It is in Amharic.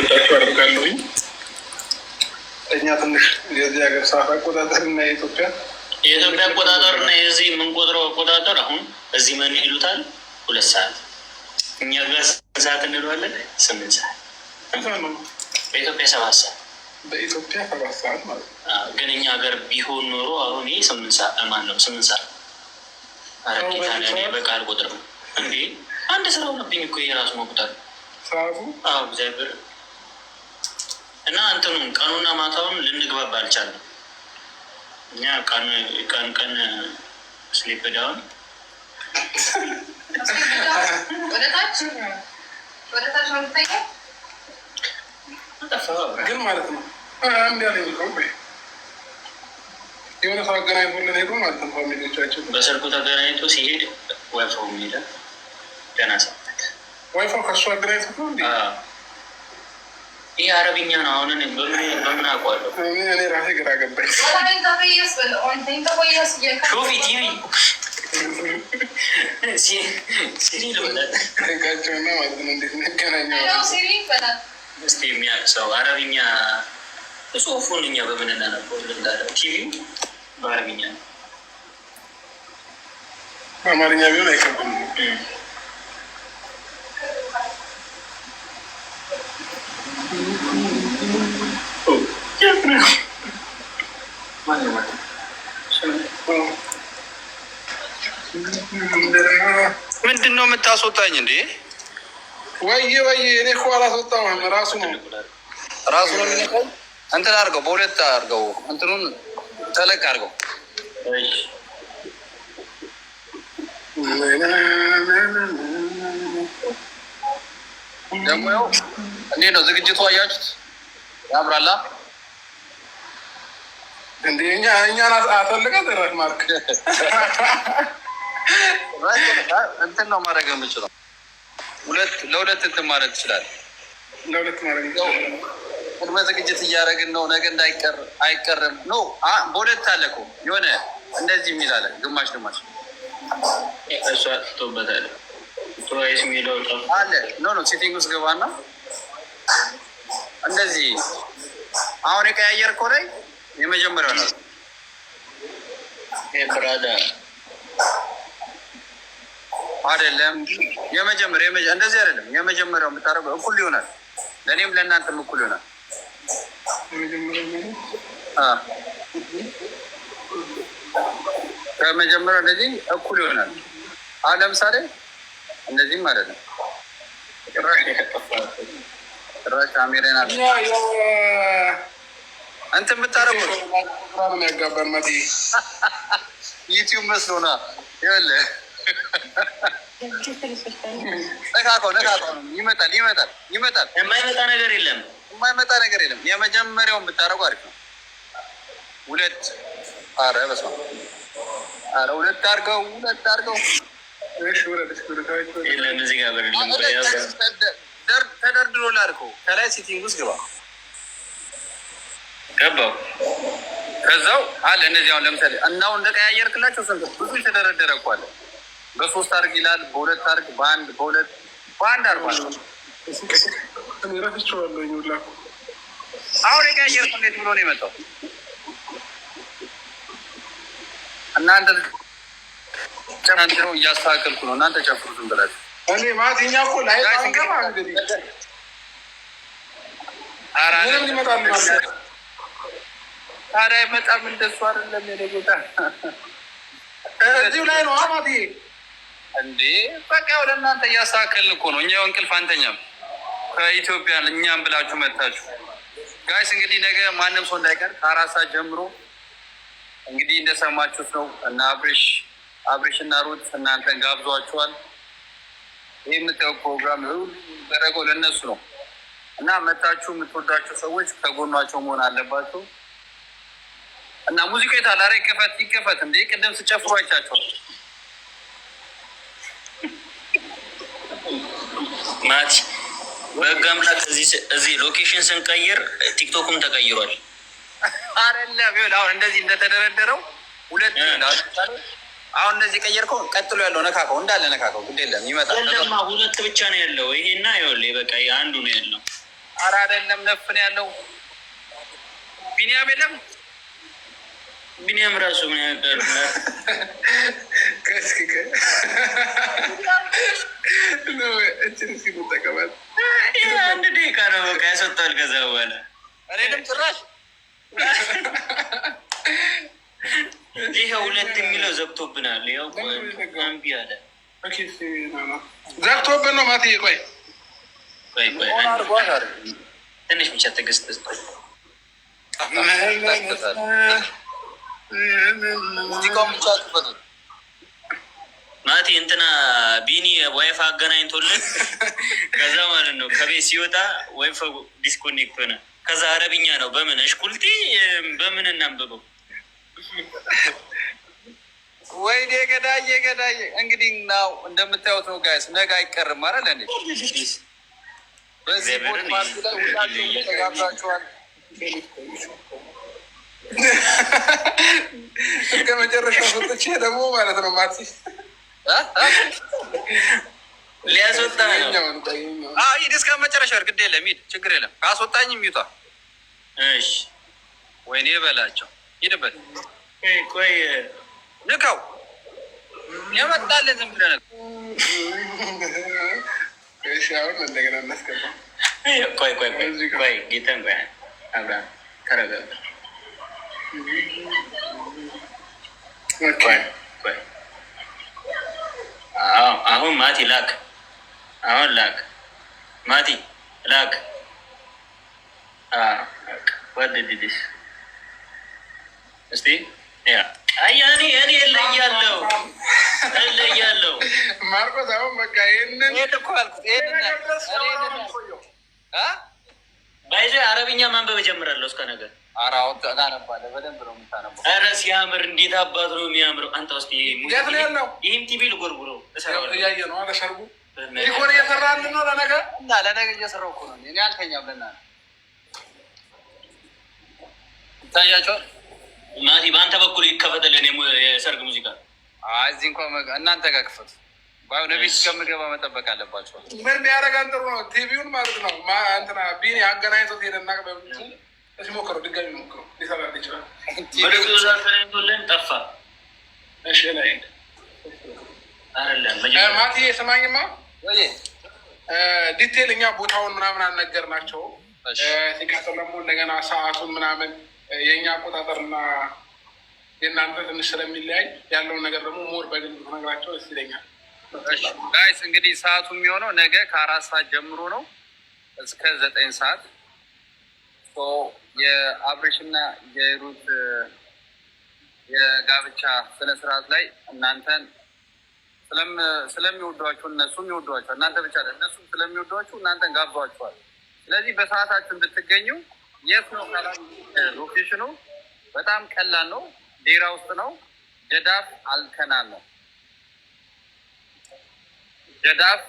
ወዳቸው አድርጋለሁኝ። እኛ ትንሽ የዚህ ሀገር ሰዓት አቆጣጠር እና የኢትዮጵያ የኢትዮጵያ አቆጣጠር እና የዚህ የምንቆጥረው አቆጣጠር አሁን እዚህ ምን ይሉታል ሁለት ሰዓት እኛ ጋር ስንት ሰዓት እንለዋለን? ስምንት ሰዓት በኢትዮጵያ ሰባት ሰዓት በኢትዮጵያ ሰባት ሰዓት ማለት ነው። ግን እኛ ሀገር ቢሆን ኖሮ አሁን ይህ ስምንት ሰዓት ማን ነው ስምንት ሰዓት አረጌታ በቃል ቁጥር እንዴ አንድ ስራ ሆነብኝ እኮ የራሱ መቁጠር ሰዓቱ እግዚአብሔር እና እንትኑም ቀኑና ማታውን ልንግባባ አልቻለም። እኛ ቀን ቀን ስሊፕ ዳውን ግን ማለት ነው የሆነ ሰው አገናኝቶልን ሄዱ ማለት ነው። ፋሚሊዎቻቸው በስልኩ ተገናኝቶ ሲሄድ ዋይፋው ሄደ። ደህና ሰው ዋይፋው ከእሱ አገናኝቶ ይህ አረብኛ ነው። አሁን በምን አረብኛ ጽሁፉን እኛ በምን እናነበው? ቲቪው በአረብኛ ነው። አማርኛ ቢሆን አይከብድም። ምንድን ነው የምታስወጣኝ እንዴ? ወይዬ ወይዬ፣ እኔ እኮ አላስወጣሁም። ራሱ ነው ራሱ ነው የሚነካው። እንትን አድርገው፣ በሁለት አድርገው፣ እንትኑን ተለቅ አድርገው። ደግሞ ያው እንዴት ነው ዝግጅቱ? አያችሁት? ያምራላ እንደ እኛ እኛን አፈልገ ረክ ማርክ እንትን ነው ማድረግ የምችለው ሁለት ለሁለት እንትን ማድረግ ይችላል። ለሁለት ማድረግ ቅድመ ዝግጅት እያደረግን ነው። ነገ እንዳይቀር አይቀርም። ኖ በሁለት አለ እኮ የሆነ እንደዚህ የሚል አለ። ግማሽ ግማሽ እሱ አጥቶበታል። አለ። ኖ ኖ ሴቲንግ ውስጥ ገባና እንደዚህ አሁን የቀያየር ኮ ላይ የመጀመሪያው ነው የፍራዳ አይደለም። የመጀመሪያ እንደዚህ አይደለም። የመጀመሪያው የምታደርገው እኩል ይሆናል። ለእኔም ለእናንተም እኩል ይሆናል። ከመጀመሪያው እንደዚህ እኩል ይሆናል። አሁን ለምሳሌ እንደዚህም ማለት ነው። ጭራሽ ካሜራን እንትን ብታረጉ ያጋባን መ ዩቲዩብ መስሎና ይለ ይመጣል ይመጣል ይመጣል። የማይመጣ ነገር የለም፣ የማይመጣ ነገር የለም። የመጀመሪያውን ብታረጉ አሪፍ ነው። ሁለት አረ በስመ አብ አረ ሁለት አድርገው ሁለት አድርገው ተደርድሮ ላድርገው ከላይ ሲቲንግ ውስጥ ግባ ገባው ከዛው አለ እነዚህ አሁን ለምሳሌ እናው እንደቀያየርክላቸው ስንት ብዙ የተደረደረ እኮ አለ። በሶስት አርግ ይላል፣ በሁለት አርግ፣ በአንድ በሁለት በአንድ አርጓል። አሁን የቀያየርኩ እንዴት ብሎ ነው የመጣው? እናንተ ነው እያስተካከልኩ ነው። እናንተ ጨምሩ ዝም ብላችሁ እኔ ማለት እኛ እኮ ላይ ኧረ በጣም እንደሱ አይደለም። የእኔ ቦታ እዚሁ ላይ ነው አባቴ። እንዴ በቃ ወደ እናንተ እያስተካከልን እኮ ነው። እኛ እንቅልፍ አንተኛም። ከኢትዮጵያ እኛም ብላችሁ መታችሁ። ጋይስ። እንግዲህ ነገ ማንም ሰው እንዳይቀር ከአራት ሰዓት ጀምሮ እንግዲህ እንደሰማችሁት ነው እና አብሬሽ አብሬሽ እና ሩት እናንተን ጋብዟችኋል። ይህ የምታየው ፕሮግራም ደረገው ለእነሱ ነው እና መታችሁ የምትወዳቸው ሰዎች ከጎኗቸው መሆን አለባቸው። እና ሙዚቃ የታለ? ኧረ ይከፈት ይከፈት እንዴ! ቅድም ስጨፍሩ አይቻቸው ማች በህግ አምላክ እዚህ ሎኬሽን ስንቀይር ቲክቶክም ተቀይሯል። አይደለም ይኸውልህ፣ አሁን እንደዚህ እንደተደረደረው ሁለት አሁን እንደዚህ ቀየርከው፣ ቀጥሎ ያለው ነካከው፣ እንዳለ ነካከው፣ ግድ የለም ይመጣል። ሁለት ብቻ ነው ያለው ይሄና፣ ይኸውልህ በቃ አንዱ ነው ያለው። ኧረ አይደለም ነፍ ነው ያለው ቢኒያም የለም ቢኒያም ራሱ ምን ያደርጋል? አንድ ደቂቃ ነው በቃ ያስወጣል። ከዛ በኋላ እኔንም ጭራሽ ይሄ ሁለት የሚለው ዘግቶብናል። ያው እምቢ አለ ዘግቶብን ነው ማትዬ። ቆይ ቆይ ቆይ ትንሽ ብቻ ትዕግስት ሙዚቃውን ብቻ አጥፍቶት ማለት እንትና ቢኒ ዋይፋ አገናኝቶለት ከዛ ማለት ነው ከቤት ሲወጣ ዋይፋ ዲስኮኔክት ሆነ። ከዛ አረብኛ ነው በምን እሽኩልቲ በምን እናንብበው። ወይ ገዳዬ ገዳዬ። እንግዲህ ናው እንደምታዩት ነው ጋይስ፣ ነገ አይቀርም ማለት ለኔ በዚህ ቦት ፓርቲ ላይ ሁላችሁ ተጋብዛችኋል። እስከ መጨረሻው ሰጥቼ ደግሞ ማለት ነው። ማቲ ሊያስወጣ ሂድ እስከ መጨረሻ እርግድ የለም ሂድ፣ ችግር የለም ካስወጣኝ የሚውጣ እሺ። ወይኔ በላቸው ሂድበት። ቆይ የመጣልን ዝም ብለህ አሁን እንደገና እናስገባ። ቆይ ቆይ ቆይ ቆይ ቆይ አብራ ተረጋጋ አሁን ማቲ ላክ፣ አሁን ላክ፣ ማቲ ላክ። እስቲ እኔ እለያለሁ እለያለሁ። ማርቆስ አሁን በቃ አልኩት። አረብኛ ማንበብ እጀምራለሁ እስከ ነገር ኧረ ሲያምር እንዴት አባት ነው የሚያምረው! አንተ ውስጥ ይህም ቲቪ ልጎርጉረው ይታያቸዋል። ማቲ በአንተ በኩል ይከፈተልን የሰርግ ሙዚቃ እዚህ እንኳ እናንተ ጋር ክፈት። በአሁነ ቤት መጠበቅ አለባቸዋል። ምን ያደረጋን ጥሩ ነው። ቲቪውን ማለት ነው ቢኒ አገናኝቶት ሄደና እስኪ ሞክረው፣ ድጋሚ ሞክረው። ሊሰራ ይችላል። ጠፋ። እሺ ላይ ማቲ የሰማኝማ ዲቴል እኛ ቦታውን ምናምን ናቸው። ሲቀጥል ደግሞ እንደገና ሰዓቱን ምናምን የእኛ አቆጣጠርና የእናንተ ትንሽ ስለሚለያይ ያለውን ነገር ደግሞ ሞር በግል ነገራቸው ደስ ይለኛል። ጋይስ እንግዲህ ሰዓቱ የሚሆነው ነገ ከአራት ሰዓት ጀምሮ ነው እስከ ዘጠኝ ሰዓት የአብሬሽና የሩት የጋብቻ ስነስርዓት ላይ እናንተን ስለሚወዷችሁ እነሱም ይወዷቸዋል። እናንተ ብቻ እነሱም ስለሚወዷችሁ እናንተን ጋብዟቸዋል። ስለዚህ በሰዓታችሁ እንድትገኙ የት ነው ካላ ሎኬሽኑ በጣም ቀላል ነው። ዴራ ውስጥ ነው። ጀዳፍ አልከናል ነው። ጀዳፍ